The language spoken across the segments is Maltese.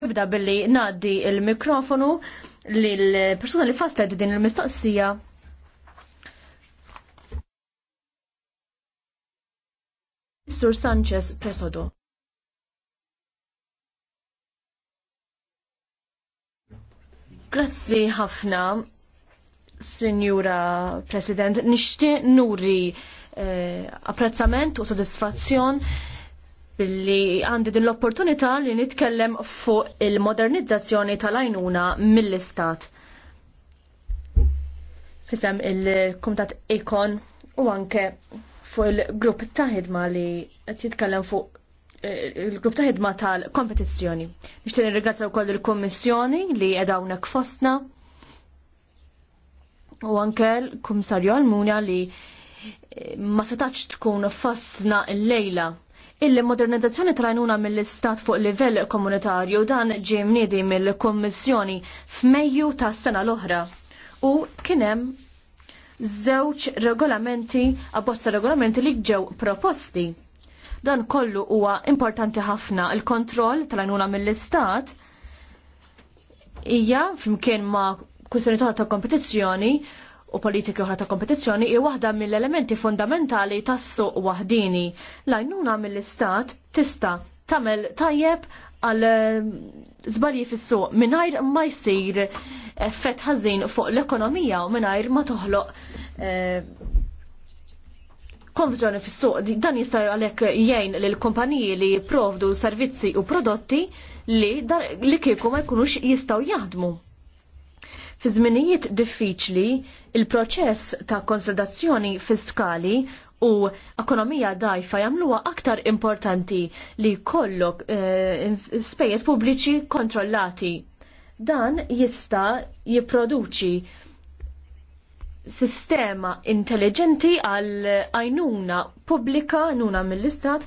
Nibda billi naddi il-mikrofonu lill-persuna li faslet din il-mistoqsija. Mr. Sanchez Presodo. Grazzi ħafna, Signora President. Nixtieq nuri eh, apprezzament u sodisfazzjon billi għandi din l-opportunità li nitkellem fuq il-modernizzazzjoni tal-għajnuna mill-istat. Fisem il-kumtat ikon u anke fuq il-grupp ta' li jitkellem fuq eh, il-grupp ta' ħidma tal-kompetizzjoni. Nixtieq nirringrazzja wkoll il-Kummissjoni li qiegħda hawnhekk fostna u anke l għal-munja li eh, ma setax tkun fostna l-lejla il-modernizzazzjoni trajnuna mill-istat fuq livell komunitarju dan ġemnidi mill-Kommissjoni f'Mejju ta' sena l-oħra. U kienem żewġ regolamenti, apposta regolamenti li ġew proposti. Dan kollu huwa importanti ħafna il-kontroll tal-għajnuna mill-istat hija flimkien ma' kwistjoni ta' kompetizzjoni u politika oħra ta' kompetizzjoni i waħda mill-elementi fundamentali tas-suq waħdini. L-għajnuna mill-istat tista' tagħmel tajjeb għal eh, żbalji fis-suq mingħajr ma jsir effett ħażin fuq l-ekonomija u mingħajr ma toħloq eh, konfużjoni fis-suq. Dan jista' għalhekk jgħin l kumpaniji li jipprovdu servizzi u prodotti li, li kieku ma jkunux jistgħu jaħdmu. Fi żminijiet diffiċli, il-proċess ta' konsolidazzjoni fiskali u ekonomija dajfa jagħmluha aktar importanti li jkollok eh, spejjeż pubbliċi kontrollati. Dan jista' jipproduċi sistema intelligenti għal għajnuna pubblika għajnuna mill-istat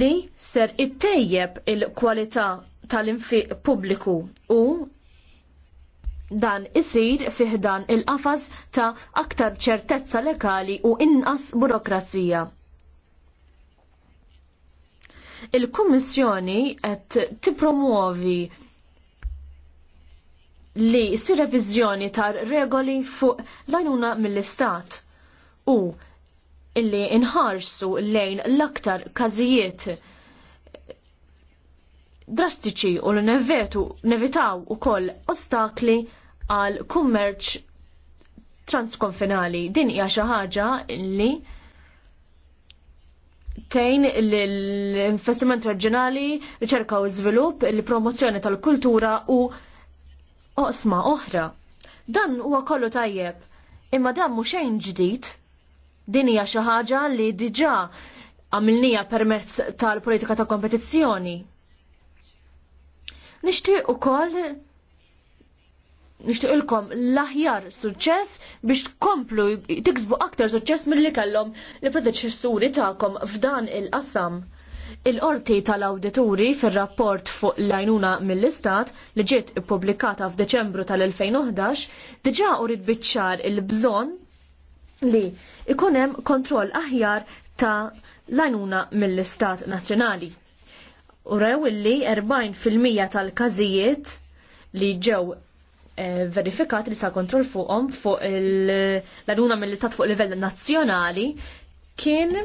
li ser ittejjeb il-kwalità tal-infiq pubbliku u dan isir fiħdan il-qafas ta' aktar ċertezza lekali u inqas burokrazija. Il-Kummissjoni qed tipromuovi li si reviżjoni tar regoli fuq l-għajnuna mill-Istat u illi inħarsu lejn l-aktar każijiet drastiċi u l-nevetu nevitaw u koll ostakli għal kummerċ transkonfinali. Din hija xi ħaġa li tejn l-investiment reġjonali, riċerka u żvilupp, il-promozzjoni tal-kultura u oqsma oħra. Dan huwa kollu tajjeb, imma dan mhux xejn ġdid. Din hija xi ħaġa li diġà għamilnija permezz tal-politika ta' kompetizzjoni. Nixtieq ukoll nishtiqilkom l-aħjar suċċess biex tkomplu tiksbu aktar suċċess mill-li kellhom li predeċessuri tagħkom f'dan il-qasam. Il-qorti tal-awdituri fir-rapport fuq l-għajnuna mill-Istat li ġiet ippubblikata f'Deċembru tal-2011 diġà urid biċċar il-bżonn li ikun hemm kontroll aħjar ta' l-għajnuna mill-Istat Nazzjonali. U rew illi 40% tal-każijiet li ġew Eh, verifikat li sa kontroll fuqhom fuq l għaduna mill-istat fuq livell nazzjonali kien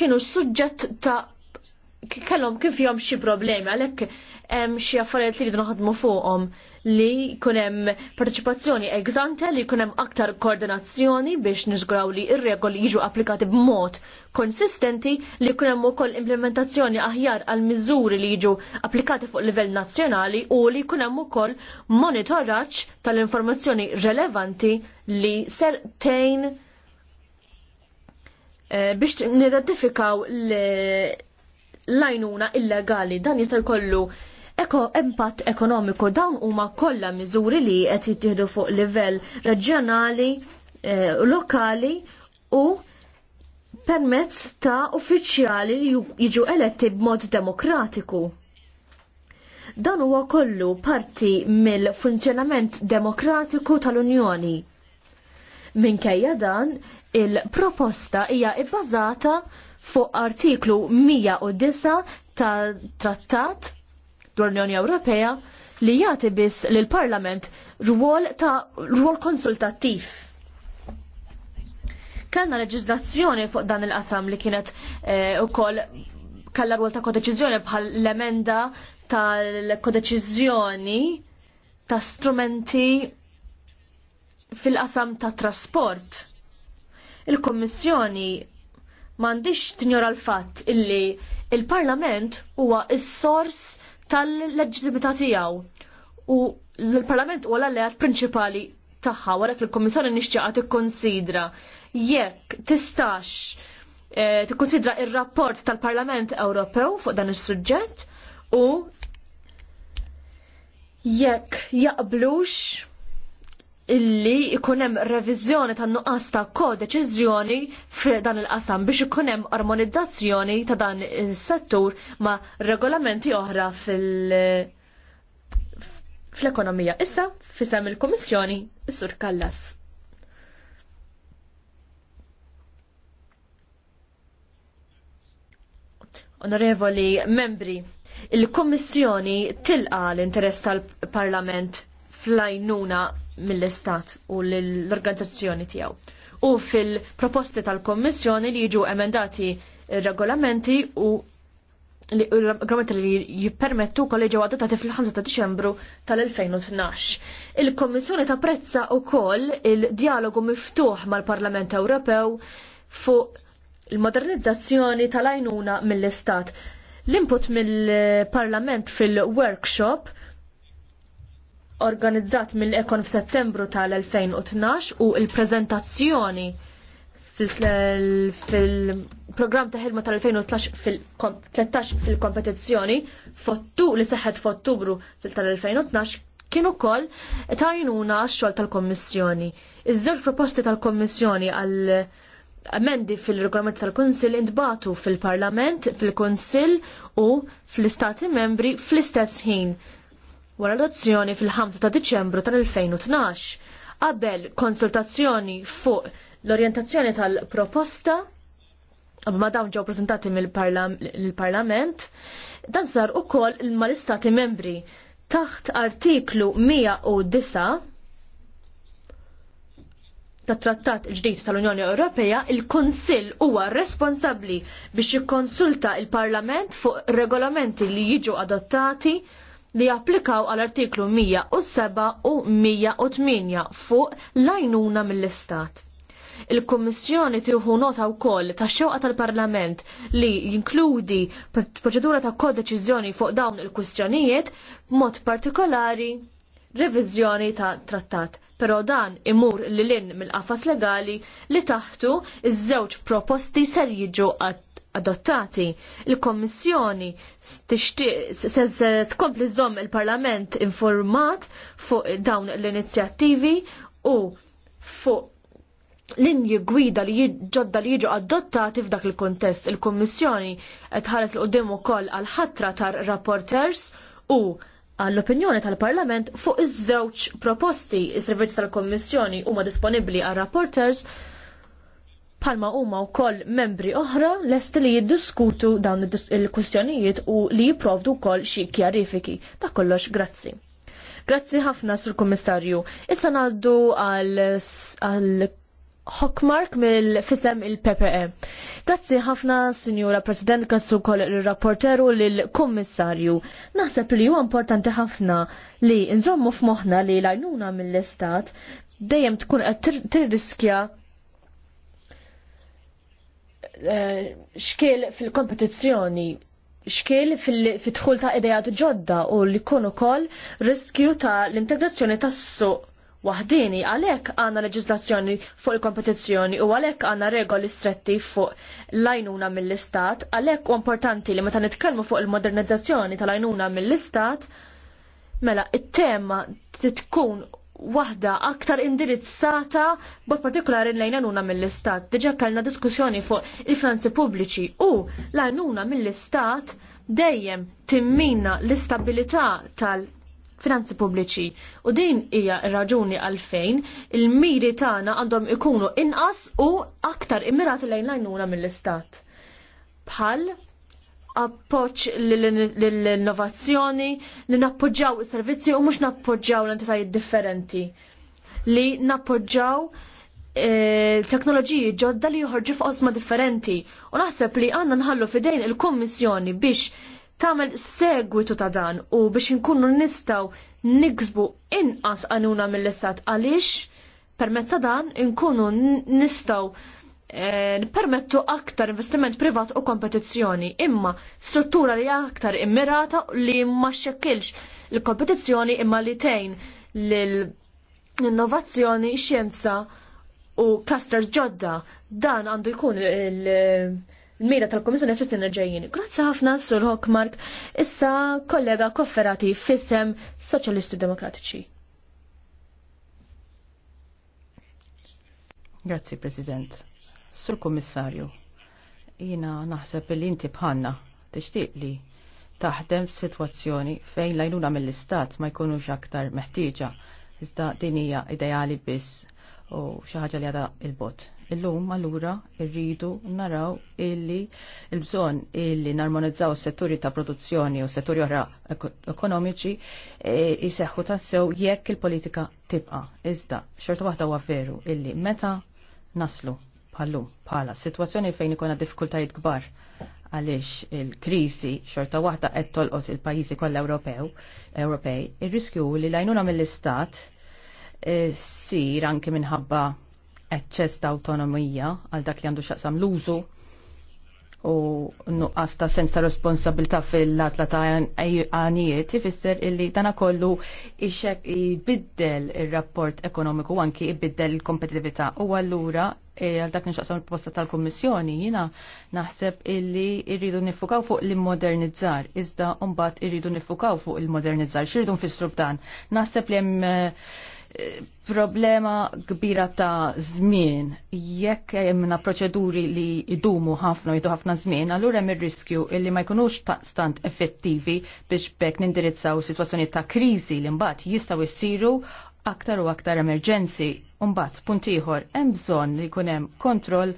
kienu suġġett ta' kellhom kif jom xi problemi għalhekk hemm xi affarijiet li jridu naħdmu fuqhom li jkun hemm parteċipazzjoni eżante li jkun hemm aktar koordinazzjoni biex niżguraw li r regoli jiġu applikati b'mod konsistenti li jkun hemm ukoll implementazzjoni aħjar għal miżuri li jiġu applikati fuq livell nazzjonali u li jkun hemm ukoll monitoraġġ tal-informazzjoni relevanti li sertejn eh, biex nidentifikaw l-għajnuna illegali dan jista' kollu eko impatt ekonomiku dawn huma kollha miżuri li qed jittieħdu fuq livell reġjonali, eh, lokali u permezz ta' uffiċjali li jiġu eletti b'mod demokratiku. Dan huwa kollu parti mill-funzjonament demokratiku tal-Unjoni. Minkejja dan, il-proposta hija ibbażata il fuq artiklu 109 tal trattat dwar l-Unjoni Ewropea li jagħti biss lil Parlament rwol ta' rwol konsultattiv. Kellna leġiżlazzjoni fuq dan il-qasam li kienet eh, ukoll kellha rwol ta' kodeċiżjoni bħal l-emenda tal kodeċiżjoni ta' strumenti fil-qasam ta' trasport. Il-Kommissjoni M'għandix tinjora l-fatt illi il-Parlament huwa il sors tal-leġitimità tiegħu u l-Parlament huwa l-alleat prinċipali tagħha warek il-Kommissjoni nixtieqa tikkonsidra jekk tistax eh, t-konsidra il rapport tal-Parlament Ewropew fuq dan is-suġġett u jekk jaqblux illi ikun hemm reviżjoni tan nuqqas ta' kodeċiżjoni f'dan il-qasam biex ikun hemm armonizzazzjoni ta' dan is-settur ma' regolamenti oħra fil- fl-ekonomija. Issa fisem il-Kummissjoni is-Sur Kallas. Onorevoli membri, il kummissjoni tilqa l-interess tal-Parlament fl-Ajnuna mill-Istat u l-organizzazzjoni tiegħu. U fil-proposti tal-Kommissjoni li jiġu emendati regolamenti u regolamenti li jippermettu kolli ġew adottati fil-5 ta' Diċembru tal-2012. Il-Kommissjoni tapprezza wkoll il-dialogu miftuħ mal-Parlament Ewropew fuq il-modernizzazzjoni tal ajnuna mill-Istat. L-input mill-Parlament fil-workshop organizzat mill-Ekon f'Settembru tal-2012 u il-prezentazzjoni fil program ta' ħilma tal-2013 fil-kompetizzjoni fottu li seħħet f'Ottubru tal-2012 kienu kol tajnuna għax-xogħol tal-Kommissjoni. Iż-żewġ proposti tal-Kommissjoni għal amendi fil-regolament tal-Kunsil intbatu fil-Parlament, fil-Kunsil u fl-Istati membri fl-istess ħin wara l-adozzjoni fil-5 ta' Diċembru tal-2012 qabel konsultazzjoni fuq l-orjentazzjoni tal-proposta ma dawn ġew preżentati mill-Parlament dan sar ukoll mal-Istati membri taħt artiklu 109 tat trattat ġdid tal-Unjoni Ewropea, il-Konsill huwa responsabbli biex jikkonsulta il-Parlament fuq regolamenti li jiġu adottati li japplikaw għal artiklu 107 u 108 fuq lajnuna mill-Istat. Il-Kommissjoni tieħu nota wkoll ta' xewqa tal-Parlament li jinkludi proċedura ta' kodeċiżjoni fuq dawn il-kwistjonijiet mod partikolari reviżjoni ta' trattat. Però dan imur lil lin mill-qafas legali li taħtu iż-żewġ proposti ser jiġu għat adottati. Il-Kommissjoni se tkompli żomm il-Parlament informat fuq dawn l-inizjattivi u fuq linji gwida li ġodda li jiġu adottati f'dak il-kontest. Il-Kommissjoni tħares l-qoddim ukoll għal-ħatra tar-rapporters u għall-opinjoni tal-Parlament fuq iż-żewġ proposti. Is-servizz tal-Kommissjoni huma disponibbli għal-rapporters palma huma wkoll membri oħra lest li jiddiskutu dawn il-kwistjonijiet u li jipprovdu wkoll xi kjarifiki. Ta' kollox grazzi. Grazzi ħafna sur kummissarju. Issa ngħaddu għal Hockmark mill-fisem il-PPE. Grazzi ħafna, Sinjura President, grazzi wkoll il-rapporteru lill-Kummissarju. Naħseb li huwa importanti ħafna li nżommu f'moħħna li l-għajnuna mill-Istat dejjem tkun qed tirriskja xkiel fil-kompetizzjoni xkiel fil fitħul ta' idejat ġodda u li kunu ukoll riskju ta' l-integrazzjoni tas-suq waħdini għalhekk għandna leġizlazzjoni fuq il-kompetizzjoni u għalhekk għandna regoli stretti fuq l ajnuna mill-istat, għalhekk u importanti li meta nitkellmu fuq il-modernizzazzjoni tal-għajnuna mill-istat, mela it-tema tkun waħda aktar indirizzata b'mod in lejna nuna mill-istat. Diġa kellna diskussjoni fuq il-finanzi pubbliċi u l nuna mill-istat dejjem timmina l-istabilità tal-finanzi pubbliċi. U din hija raġuni għalfejn il-miri tagħna għandhom ikunu inqas u aktar immirati lejn l mill-istat. Bħal appoċ l-innovazzjoni, li nappoġġaw il-servizzi u mux nappoġġaw l-entitajiet differenti. Li nappoġġaw e, teknoloġiji ġodda li joħorġu f'qosma differenti u naħseb li għanna nħallu fidejn il-Kommissjoni biex tagħmel segwitu ta' dan u biex inkunu nistaw niksbu inqas għanuna mill-istat għaliex permezz ta' dan inkunu nistaw Eh, Permettu aktar investiment privat u kompetizzjoni, imma struttura li aktar immirata li ma xekkilx il-kompetizzjoni imma li tejn l-innovazzjoni, xjenza u clusters ġodda. Dan għandu jkun il-mira tal-Komissjoni fl-istin ġejjin. Grazzi ħafna, Sur Hockmark, issa kollega kofferati fissem Soċjalisti Demokratiċi. Grazzi, President. Sur Kummissarju, jina naħseb li inti bħanna tixtieq li taħdem f'sitwazzjoni fejn lajnuna mill-istat ma jkunux aktar meħtieġa iżda din hija ideali biss u xi ħaġa li għadha il-bot. Illum allura rridu naraw illi l-bżonn illi narmonizzaw setturi ta' produzzjoni u setturi oħra ekonomiċi e, jiseħħu tassew jekk il-politika tibqa'. Iżda xorta waħda huwa veru illi meta naslu bħallum bħala situazzjoni fejn ikona diffikultajiet kbar għaliex il-krisi xorta waħda qed tolqot il-pajjiżi kollha Ewropew Ewropej, ir-riskju li lajnuna mill-istat eh, sir anke minħabba eċċess ta' autonomija għal dak li għandu xaqsam l-użu u nuqqas ta' sens ta' responsabilta' fil-lazla ta' għanijiet ifisser illi dana kollu ixek jibiddel il-rapport ekonomiku anki jibiddel il kompetitivita u għallura eh, għal dak nxaqsam il-posta tal-Kommissjoni jina naħseb illi irridu nifukaw fuq l-modernizzar iżda umbat irridu nifukaw fuq il-modernizzar xirridu nfissru b'dan naħseb li jem problema kbira ta' żmien. Jekk hemmna proċeduri li idumu ħafna jidu ħafna żmien, allura hemm ir-riskju illi ma jkunux stant effettivi biex bekk nindirizzaw sitwazzjoni ta' kriżi li mbagħad jistgħu jsiru aktar u aktar emerġenzi. Mbagħad punt ieħor hemm bżonn li jkun hemm kontroll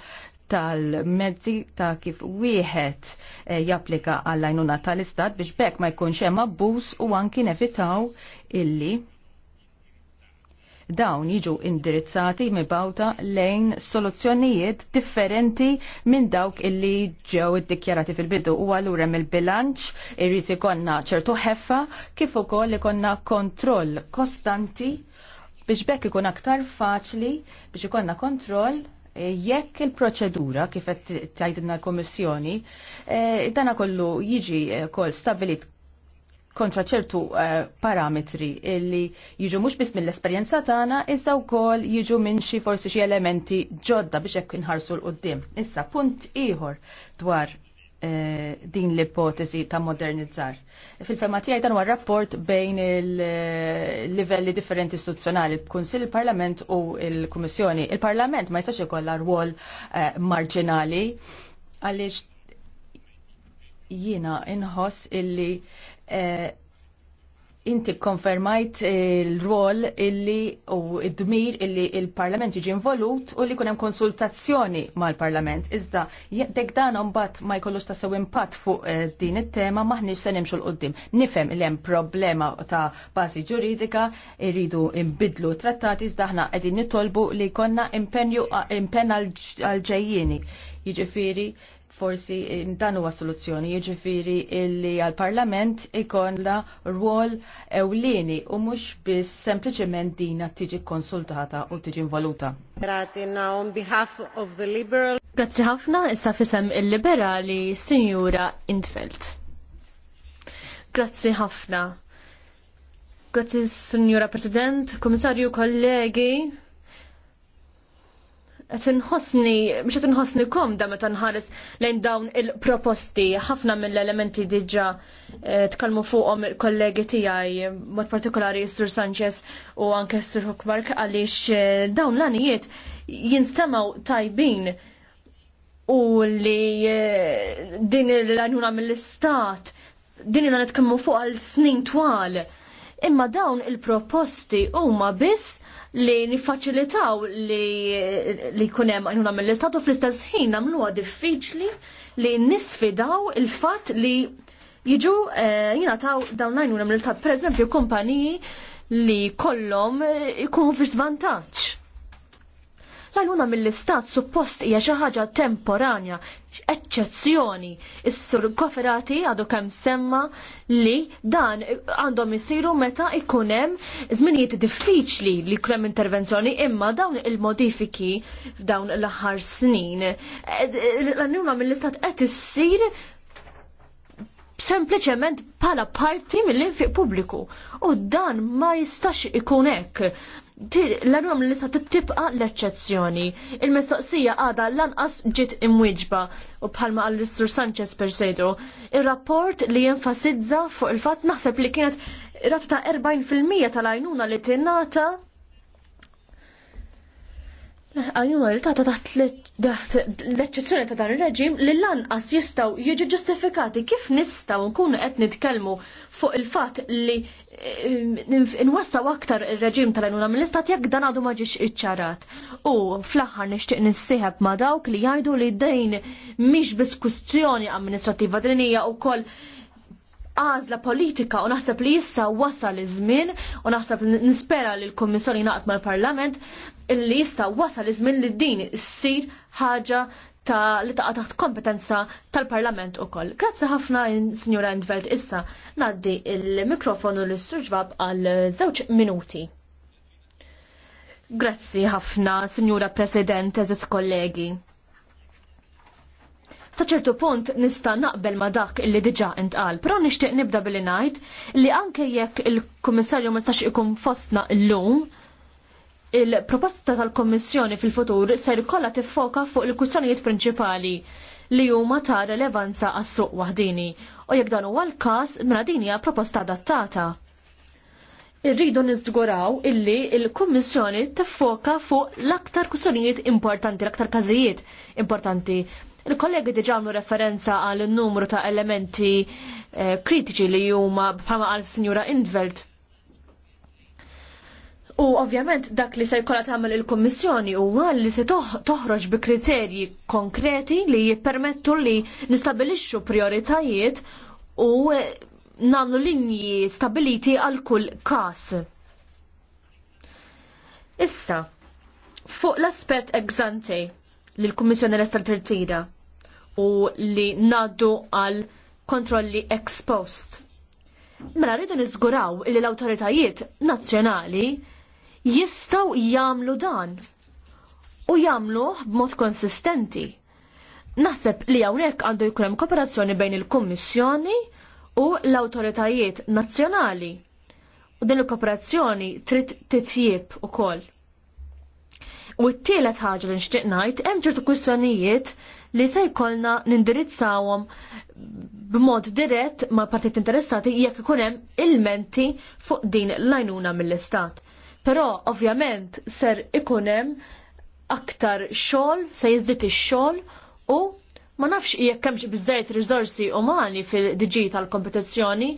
tal-mezzi ta' kif wieħed eh, japplika għall-għajnuna tal-istat biex bekk ma jkunx hemm abbuż u anki nevitaw illi dawn jiġu indirizzati mibawta lejn soluzzjonijiet differenti minn dawk illi ġew iddikjarati fil-bidu u għallura mill-bilanċ irrid ikonna ċertu ħeffa kif ukoll ikonna kontroll kostanti biex bekk ikun aktar faċli biex ikonna kontroll eh, jekk il-proċedura kif qed tgħidilna l-Kummissjoni eh, dana kollu jiġi eh, kol stabilit kontra ċertu eh, parametri illi jiġu mhux biss mill-esperjenza tagħna iżda wkoll jiġu minn xi forsi xi elementi ġodda biex hekk inħarsu l qudiem Issa punt ieħor dwar eh, din l-ipotezi ta' modernizzar. Fil-fema tiegħi dan huwa rapport bejn il-livelli differenti istituzzjonali, il-Kunsill, il-Parlament u il-Kummissjoni. Il-Parlament ma jistax ikollha rwol eh, marġinali għaliex jiena inħoss illi Eh, inti konfermajt il-rol illi u id-dmir illi il-parlament jiġi involut u li kunem konsultazzjoni mal-parlament. Iżda, dek dan bat ma jkollux ta' sew impatt fuq eh, din it-tema maħniġ se nimxu l-qoddim. Nifem li hemm problema ta' bażi ġuridika, irridu imbidlu trattati, iżda ħna qegħdin nitolbu li konna impenju impenn għal-ġejjieni. Jiġifieri forsi dan huwa soluzzjoni jiġifieri illi għall-Parlament ikolla rwol ewlieni u mhux biss sempliċement dina tiġi konsultata u tiġi involuta. Grazzi ħafna issa fisem il-liberali Sinjura Intfeld. Grazzi ħafna. Grazzi Sinjura President, Komissarju, kollegi tinħossni, mhux qed inħossni komda meta nħares lejn dawn il-proposti. Ħafna mill-elementi diġà eh, tkellmu fuqhom il-kollegi tiegħi mod partikolari Sur Sanchez u anke Sur Hukmark għaliex eh, dawn l-anijiet jinstemaw tajbin u li eh, din l għajnuna mill-istat din jina nitkellmu fuq għal snin twal Imma dawn il-proposti huma biss li nifaċilitaw li li kunem għajnuna mill-istatu fl-istess ħin namluwa diffiċli li nisfidaw il-fat li jiġu eh, jina taw dawn għajnuna mill-istat, per eżempju, kompaniji li kollom ikunu fi svantaċ L-għajnuna mill-istat suppost hija xi ħaġa temporanja, eċċezzjoni. issur sur koferati għadu kemm semma li dan għandhom isiru meta ikun hemm żminijiet diffiċli li krem intervenzjoni imma dawn il-modifiki f'dawn l-aħħar snin. L-għajnuna mill-istat qed issir sempliċement pala parti mill-infiq pubbliku. U dan ma jistax ikun hekk l-għanwam li sa' tibqa l-eċċezzjoni. Il-mistoqsija għada lanqas ġiet imwiġba u bħalma għall istru Sanchez per sejdu. Il-rapport li jenfasizza fuq il-fat naħseb li kienet rata ta' 40% tal-għajnuna li tinata Għajum il-tata taħt l-eċċezzjoni ta' dan il-reġim li lanqas jistaw jiġi ġustifikati kif nistaw nkunu qed nitkellmu fuq il-fatt li eh, nwassaw aktar il-reġim tal-għajnuna mill-istat jekk dan għadu ma ġiex iċċarat. U fl-aħħar nixtieq nissieħeb ma' dawk li jgħidu li dejn mhix biss kwistjoni amministrattiva din hija wkoll għazla politika u naħseb li jissa wasal iż-żmien u naħseb nispera li l-Kommissjoni naqt mal-Parlament illi issa wasal iż-żmien li din issir ħaġa ta' li ta' taħt kompetenza tal-Parlament ukoll. Grazzi ħafna signora Endveld issa ngħaddi il-mikrofonu l surġbab għal żewġ minuti. Grazzi ħafna, Sinjura President, eżis kollegi sa ċertu punt nista' naqbel ma dak illi diġa' intqal, però nixtieq nibda billi ngħid li anke jekk il-Kummissarju ma stax ikun fostna llum, il-proposta tal-Kommissjoni fil-futur se jkollha tiffoka fuq il-kwistjonijiet prinċipali li huma ta' relevanza għas-suq waħdini u jekk dan huwa l-każ mela din hija proposta adattata. Irridu niżguraw illi il-Kummissjoni tiffoka fuq l-aktar kwistjonijiet importanti, l-aktar każijiet importanti. Il-kollegi diġa għamlu referenza għal numru ta' elementi eh, kritiċi li huma bħalma għal Sinjura Indvelt U ovvjament dak li se jkollha tagħmel il-Kummissjoni huwa li se toħroġ bi kriterji konkreti li jippermettu li nistabilixxu prioritajiet u nagħmlu linji stabiliti għal kull każ. Issa, fuq l-aspett eżante li l-Kummissjoni resta tirtira u li naddu għal kontrolli ex post. Mela rridu niżguraw li l-awtoritajiet nazzjonali jistaw jamlu dan u jamluh b'mod konsistenti. Naħseb li hawnhekk għandu jkun hemm kooperazzjoni bejn il-Kummissjoni u l-awtoritajiet nazzjonali. U din il-kooperazzjoni trid titjieb ukoll. U t-tielet ħaġa li nixtieq ngħid hemm ċertu kwistjonijiet li se jkollna nindirizzawhom b'mod dirett ma' partit interessati jekk ikun hemm ilmenti fuq din l-għajnuna mill-Istat Però ovvjament ser ikunem aktar xogħol, se jizdit xol xogħol u ma nafx jekk hemmx biżejjed riżorsi umani fil-digital kompetizzjoni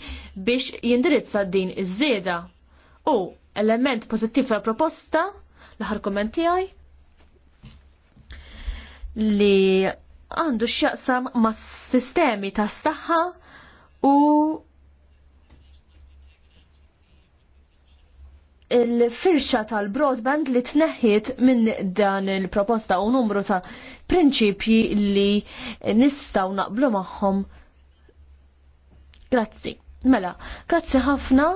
biex jindirizza din iż-żieda. U element pożittiv tal proposta l-aħħar kumment tiegħi li għandu x'jaqsam mas-sistemi tas-saħħa u il-firxa tal-broadband li tneħħiet minn dan il-proposta u numru ta' prinċipji li nistaw naqblu magħhom. Grazzi. Mela, grazzi ħafna.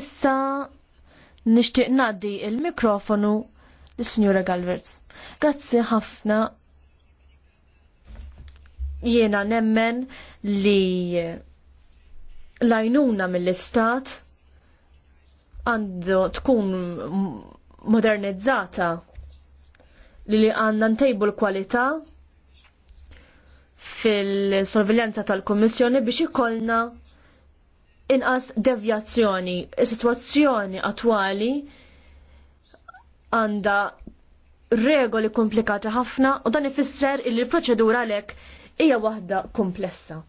Issa nixtieq ngħaddi il-mikrofonu lis-Sinjura Galverts. Grazzi ħafna. Jiena nemmen li lajnuna mill-istat għandu tkun modernizzata li għandna ntejbu l-kwalità fil-sorveljanza tal-Kommissjoni biex ikollna inqas devjazzjoni. Is-sitwazzjoni attwali għandha regoli komplikati ħafna u dan ifisser li l-proċedura lek hija waħda komplessa.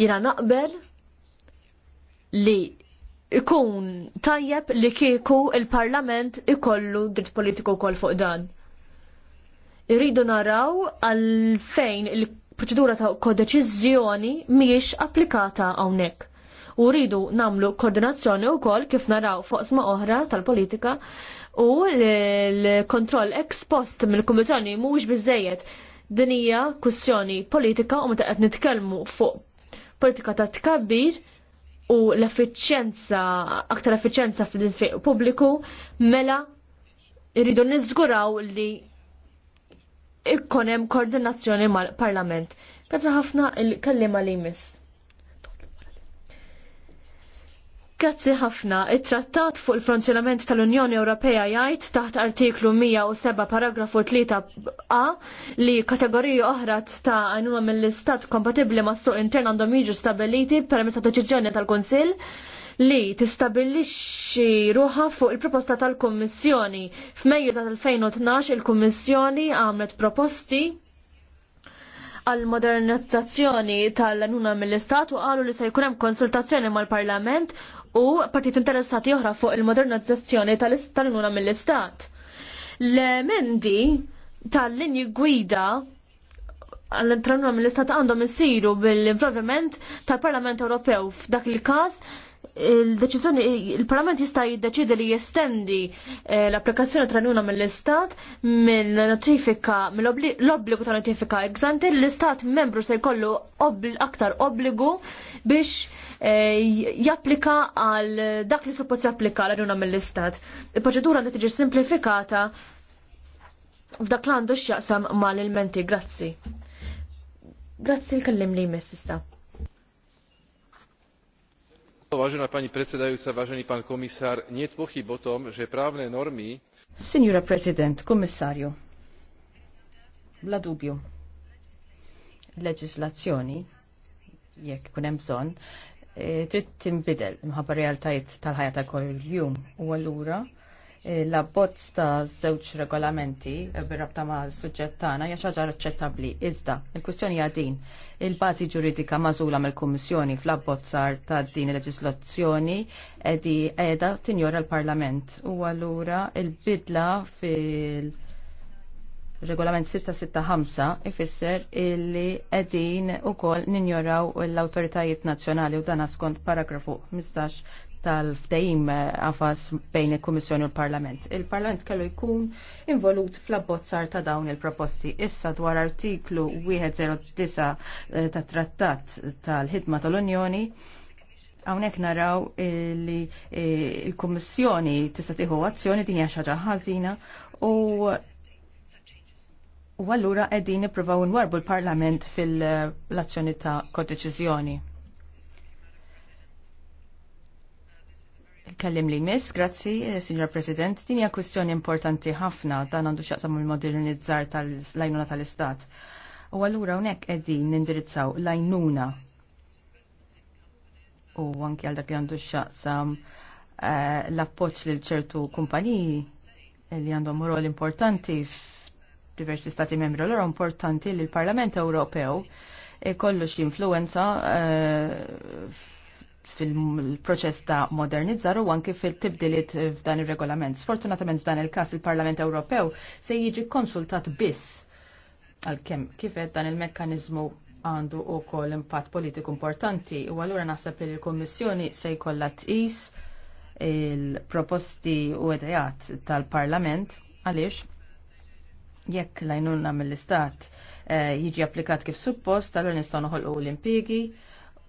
Jina naqbel li ikun tajjeb li kieku il-Parlament ikollu dritt politiku kol fuq dan. Irridu naraw għalfejn il-proċedura ta' kodeċizjoni miex applikata hawnhekk u rridu namlu koordinazzjoni u kol kif naraw foqsma oħra tal-politika u l-kontroll ex post mill-Kummissjoni mhux biżejjed din hija kwistjoni politika u meta qed nitkellmu fuq politika ta' tkabbir u l-effiċenza, aktar effiċenza fl-infiq pubbliku, mela irridu niżguraw li ikkonem koordinazzjoni mal-parlament. Għazza ħafna il-kallima li jmiss. Grazzi ħafna. it trattat fuq il-funzjonament tal-Unjoni Ewropea jgħid taħt artiklu 107 paragrafu 3a li kategoriji oħra ta' għajnuna mill-istat kompatibbli ma' suq intern għandhom jiġu stabiliti permezz ta' deċiżjoni tal-Kunsill li tistabilixxi ruħa fuq il-proposta tal-Kummissjoni. F'Mejju ta' 2012 il-Kummissjoni għamlet proposti għal modernizzazzjoni tal-għanuna mill-istat u għalu li se jkun hemm konsultazzjoni mal-Parlament u partit interessati oħra fuq il-modernizzazzjoni tal-Unjoni mill-Istat. L-emendi tal-linji gwida għall-intranuna mill-Istat għandhom isiru bil-involviment tal-Parlament Ewropew f'dak il-każ il-deċizjoni, il-Parlament jista' jiddeċidi li jestendi eh, l-applikazzjoni tra mill-Istat mill-notifika, mill-obbligu ta' notifika egzanti, l-Istat membru se jkollu aktar obbligu biex eh, japplika għal dak li suppost japplika l-għaduna mill-Istat. Il-proċedura li tiġi simplifikata f'dak l-għandu x'jaqsam mal-elementi. Grazzi. Grazzi l-kellim li jmiss issa. Vážená pani predsedajúca, vážený pán komisár, nie pochyb o tom, že právne normy... Signora President, komissario, bla dubju, leġislazzjoni, jekk kun hemm bżonn, eh, trid tinbidel imħabba realtajiet tal-ħajja ta' kuljum u allura Eh, la bozz ta' żewġ regolamenti eh, bir-rabta ma' suġġett tagħna hija xaġa aċċettabbli. Iżda, il-kwistjoni hija din. Il-bażi ġuridika magħżula mill-Kummissjoni fl-abbozzar ta' din il-leġislazzjoni edi qiegħda tinjora l-Parlament. U allura il-bidla fil- regolament 665 ifisser illi qegħdin ukoll ninjoraw l-awtoritajiet nazzjonali u dan skont paragrafu 15 tal-fdejim eh, għafas bejn il-Komissjoni u l-Parlament. Il-Parlament kellu jkun involut fl-abbozzar ta' dawn il-proposti. Issa dwar artiklu 109 eh, ta' trattat tal-ħidma tal-Unjoni, Għawnek naraw li eh, il-Kommissjoni tista' tieħu azzjoni din hija xaġa ħażina u u allura qegħdin nippruvaw nwarbu l-Parlament fil-azzjoni ta' kodeċiżjoni Kellim li miss, grazzi, eh, Signor President. Din hija kwistjoni importanti ħafna dan għandu xaqsam il-modernizzar tal-lajnuna tal-Istat. U allura unek qegħdin nindirizzaw lajnuna u għanki għal dak li għandu x'jaqsam eh, l-appoġġ lil ċertu kumpaniji li għandhom rol importanti f'diversi stati membri. Allura importanti li l-Parlament Ewropew kollu x'influenza eh, fil-proċess ta' modernizzar u anki fil-tibdiliet f'dan il-regolament. Sfortunatament f'dan il-kas il-Parlament Ewropew se jiġi konsultat biss għal-kem kifet dan il-mekkanizmu għandu u koll impatt politiku importanti u għallura naħseb li l-Kommissjoni se jkollha tqis il-proposti u edajat tal-Parlament għaliex jekk lajnuna mill-istat eh, jiġi applikat kif suppost, tal-għun nistaw noħolqu l-impiegi,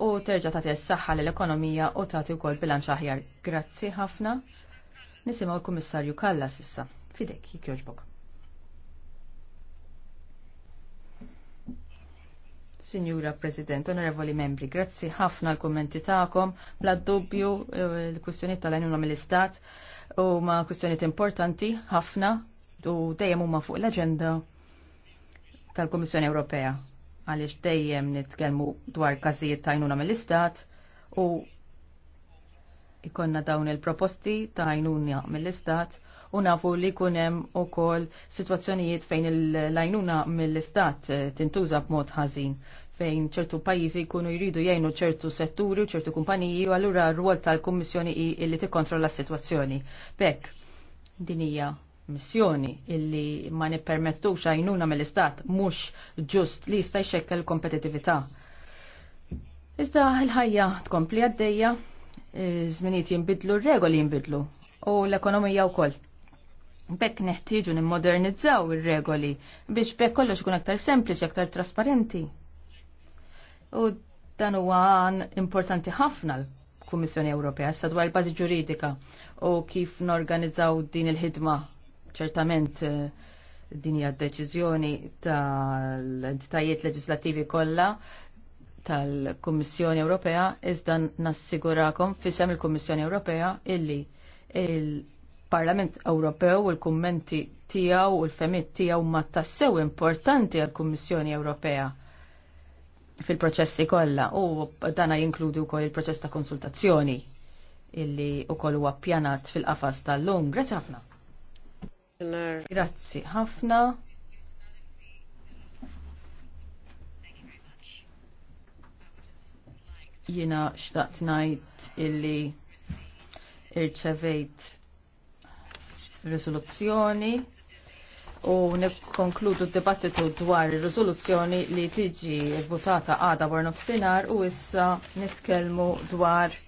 u terġa' tagħti s-saħħa lill-ekonomija u tagħti wkoll bilanċ aħjar. Grazzi ħafna. Nisimgħu l-Kummissarju Kallas issa. Fidek, jekk jogħġbok. Signora President, onorevoli membri, grazzi ħafna l-kommenti tagħkom. bla dubju l-kwistjoni tal-għajnuna mill-istat huma kwistjonijiet importanti ħafna u dejjem huma fuq l aġenda tal kummissjoni Ewropea għaliex dejjem nitkellmu dwar każijiet tajnuna mill-istat u ikonna dawn il-proposti tajnuna mill-istat u nafu li kunem u kol situazzjonijiet fejn il-lajnuna mill-istat eh, tintuża b'mod ħażin fejn ċertu pajjiżi jkunu jridu jgħinu ċertu setturi u ċertu kumpaniji u allura r-rwol tal-Kummissjoni hi li tikkontrolla s-sitwazzjoni. Bekk, din hija missjoni illi ma nippermettux għajnuna mill-istat mhux ġust li jista' jxekkel kompetitività. Iżda l-ħajja tkompli għaddejja, żminijiet jinbidlu, regoli jinbidlu u l-ekonomija wkoll. Bekk neħtieġu nimmodernizzaw ir-regoli biex bekk kollox ikun aktar sempliċi, aktar trasparenti. U dan huwa għan importanti ħafna l-Kummissjoni Ewropea sa dwar il-bażi ġuridika u kif norganizzaw din il-ħidma ċertament eh, din hija deċiżjoni tal-entitajiet leġislattivi kollha tal-Kummissjoni Ewropea iżda nassigurakom fisem il-Kummissjoni Ewropea illi il-Parlament Ewropew u l-kummenti tiegħu u l-femit tiegħu ma tassew importanti għall-Kummissjoni Ewropea fil-proċessi kollha u dana jinkludu wkoll il-proċess ta' konsultazzjoni illi wkoll huwa ppjanat fil-qafas tal-lum. Grazie ħafna. Grazzi ħafna. Jiena xtaqt ngħid illi irċevejt riżoluzzjoni u nikkonkludu d-dibattitu dwar ir-riżoluzzjoni li tiġi votata għada war nofsinhar u issa nitkellmu dwar